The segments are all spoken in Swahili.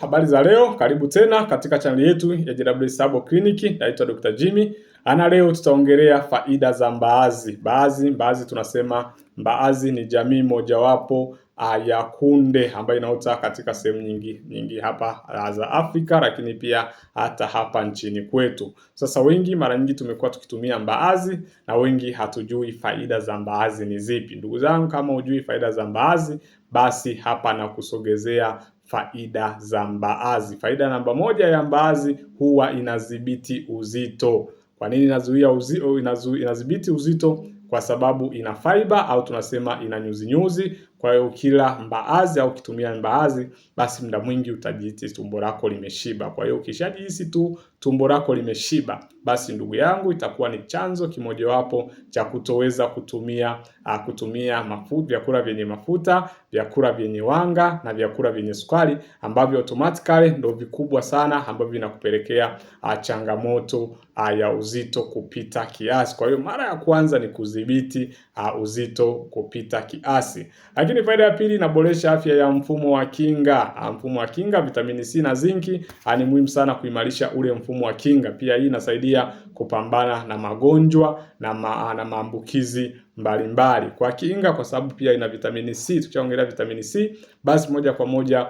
Habari za leo, karibu tena katika chaneli yetu ya JW Sabo Clinic. Naitwa Dr. Jimmy. Ana leo tutaongelea faida za mbaazi. Mbaazi, mbaazi tunasema mbaazi ni jamii mojawapo uh, ya kunde ambayo inaota katika sehemu nyingi nyingi hapa ah, za Afrika, lakini pia hata hapa nchini kwetu. Sasa wengi mara nyingi tumekuwa tukitumia mbaazi na wengi hatujui faida za mbaazi ni zipi. Ndugu zangu, kama hujui faida za mbaazi, basi hapa na kusogezea faida za mbaazi. Faida namba moja ya mbaazi, huwa inadhibiti uzito. Kwa nini inazuia uzito? inadhibiti uzito? Kwa sababu ina fiber au tunasema ina nyuzinyuzi kwa hiyo ukila mbaazi au ukitumia mbaazi, basi muda mwingi utajihisi tumbo lako limeshiba. Kwa hiyo ukishajihisi tu tumbo lako limeshiba, basi ndugu yangu itakuwa ni chanzo kimojawapo cha kutoweza kutumia uh, kutumia mafuta, vyakula vyenye mafuta, vyakula vyenye wanga na vyakula vyenye sukari ambavyo automatically ndio vikubwa sana ambavyo vinakupelekea uh, changamoto uh, ya uzito kupita kiasi. Kwa hiyo mara ya kwanza ni kudhibiti uh, uzito kupita kiasi. Lakini faida ya pili inaboresha afya ya mfumo wa kinga. Uh, mfumo wa kinga, vitamini C na zinki uh, ni muhimu sana kuimarisha ule mfumo wa kinga. Pia hii inasaidia kusaidia kupambana na magonjwa na, ma, na maambukizi mbalimbali. Kwa kinga, kwa sababu pia ina vitamini C, Tukiongelea vitamini C basi moja kwa moja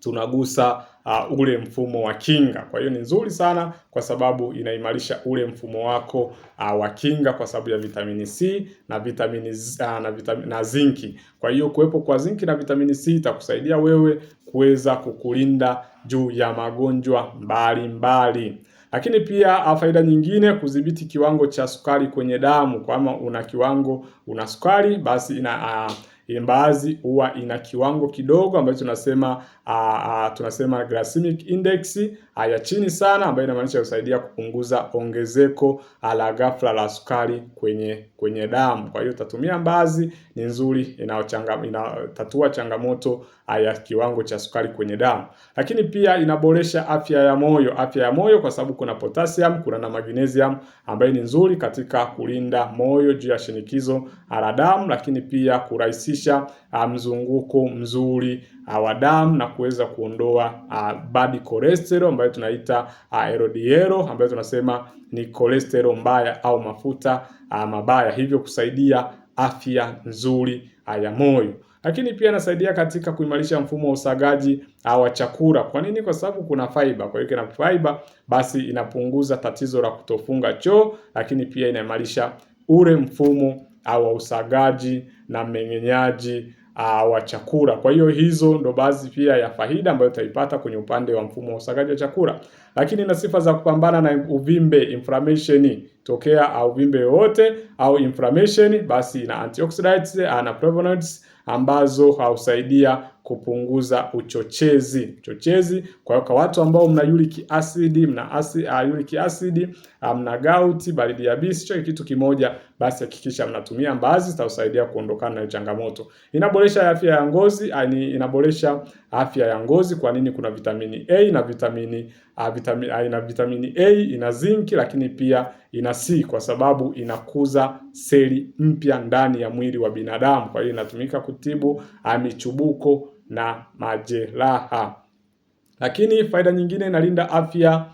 tunagusa uh, ule mfumo wa kinga. Kwa hiyo ni nzuri sana kwa sababu inaimarisha ule mfumo wako uh, wa kinga kwa sababu ya vitamini C na vitamini uh, na, vitamini, na zinki. Kwa hiyo kuwepo kwa zinki na vitamini C itakusaidia wewe kuweza kukulinda juu ya magonjwa mbalimbali. Lakini pia ah, faida nyingine, kudhibiti kiwango cha sukari kwenye damu, kama una kiwango una sukari basi ina ah, mbaazi huwa ina kiwango kidogo ambacho tunasema a, a, tunasema glycemic index ya chini sana, ambayo inamaanisha kusaidia kupunguza ongezeko la ghafla la sukari kwenye kwenye damu. Kwa hiyo tatumia mbaazi ni nzuri, inaochanga inatatua changamoto ya kiwango cha sukari kwenye damu, lakini pia inaboresha afya ya moyo, afya ya moyo kwa sababu kuna potassium, kuna na magnesium ambayo ni nzuri katika kulinda moyo juu ya shinikizo la damu, lakini pia kurahisisha kusababisha ah, mzunguko mzuri ah, wa damu na kuweza kuondoa ah, bad cholesterol ambayo tunaita LDL ambayo tunasema ni cholesterol mbaya au mafuta mabaya, hivyo kusaidia afya nzuri ya moyo lakini pia inasaidia katika kuimarisha mfumo wa usagaji wa chakula. Kwa nini? Kwa sababu kuna fiber. Kwa hiyo na fiber basi inapunguza tatizo la kutofunga choo, lakini pia inaimarisha ule mfumo wa usagaji na mmeng'enyaji uh, wa chakula. Kwa hiyo hizo ndo baadhi pia ya faida ambayo utaipata kwenye upande wa mfumo wa usagaji wa chakula. Lakini na sifa za kupambana na uvimbe inflammation, tokea uvimbe wote au inflammation, basi na antioxidants ah, na flavonoids ambazo hausaidia kupunguza uchochezi uchochezi. Kwa hiyo kwa watu ambao mna uric acid, mna asi, uh, ah, uric acid ah, mna gout, baridi yabisi, hicho kitu kimoja basi, hakikisha mnatumia mbaazi, zitausaidia kuondokana na changamoto. Inaboresha afya ya ngozi, ani ah, inaboresha afya ya ngozi. Kwa nini? Kuna vitamini A na vitamini uh, vitamini uh, ina vitamini A ina zinki, lakini pia ina C kwa sababu inakuza seli mpya ndani ya mwili wa binadamu. Kwa hiyo inatumika kutibu uh, michubuko na majeraha. Lakini faida nyingine inalinda afya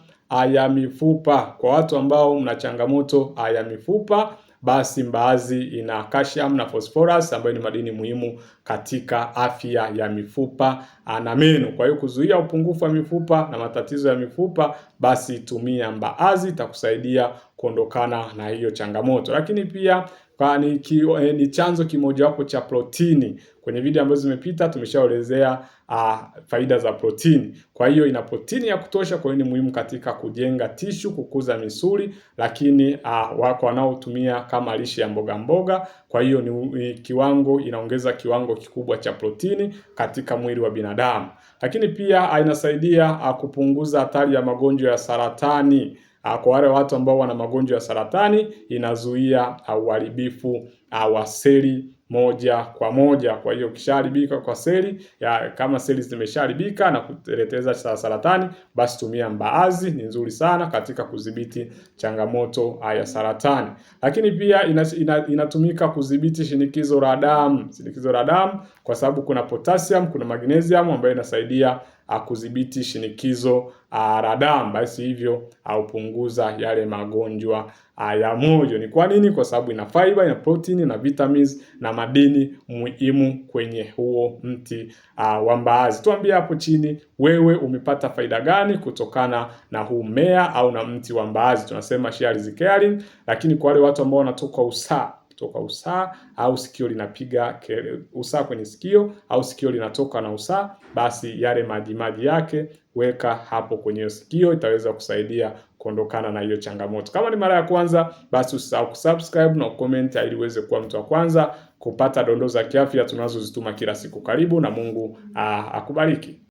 ya mifupa. Kwa watu ambao mna changamoto ya mifupa, basi mbaazi ina calcium na phosphorus ambayo ni madini muhimu katika afya ya mifupa na meno. Kwa hiyo kuzuia upungufu wa mifupa na matatizo ya mifupa, basi tumia mbaazi, itakusaidia kuondokana na hiyo changamoto. Lakini pia kwa ni, ki, eh, ni chanzo kimojawapo cha protini. Kwenye video ambazo zimepita tumeshaelezea uh, ah, faida za protini. Kwa hiyo ina protini ya kutosha, kwa hiyo ni muhimu katika kujenga tishu, kukuza misuli, lakini uh, wako wanaotumia kama lishe ya mboga mboga. Kwa hiyo ni kiwango, inaongeza kiwango kikubwa cha protini katika mwili wa binadamu, lakini pia uh, inasaidia uh, kupunguza hatari ya magonjwa ya saratani. Ah, kwa wale watu ambao wana magonjwa ya saratani, inazuia ah, uharibifu ah, wa seli moja kwa moja. Kwa hiyo ukishaharibika kwa seli ya, kama seli zimeshaharibika na kuleteza saratani, basi tumia mbaazi, ni nzuri sana katika kudhibiti changamoto ya saratani. Lakini pia inatumika ina, inatumika kudhibiti shinikizo la damu, shinikizo la damu kwa sababu kuna potassium, kuna magnesium ambayo inasaidia kudhibiti shinikizo la damu, basi hivyo hupunguza yale magonjwa ya moyo. Ni kwa nini? Kwa sababu ina fiber, ina protein na vitamins na madini muhimu kwenye huo mti wa mbaazi. Tuambie hapo chini wewe umepata faida gani kutokana na huu mmea au na mti wa mbaazi. Tunasema sharing is caring, lakini kwa wale watu ambao wanatoka usaa kutoka usaha au sikio linapiga usaha kwenye sikio au sikio linatoka na usaha, basi yale majimaji yake weka hapo kwenye sikio, itaweza kusaidia kuondokana na hiyo changamoto. Kama ni mara ya kwanza, basi usisahau kusubscribe na comment ili uweze kuwa mtu wa kwanza kupata dondoo za kiafya tunazozituma kila siku. Karibu na Mungu ah, akubariki.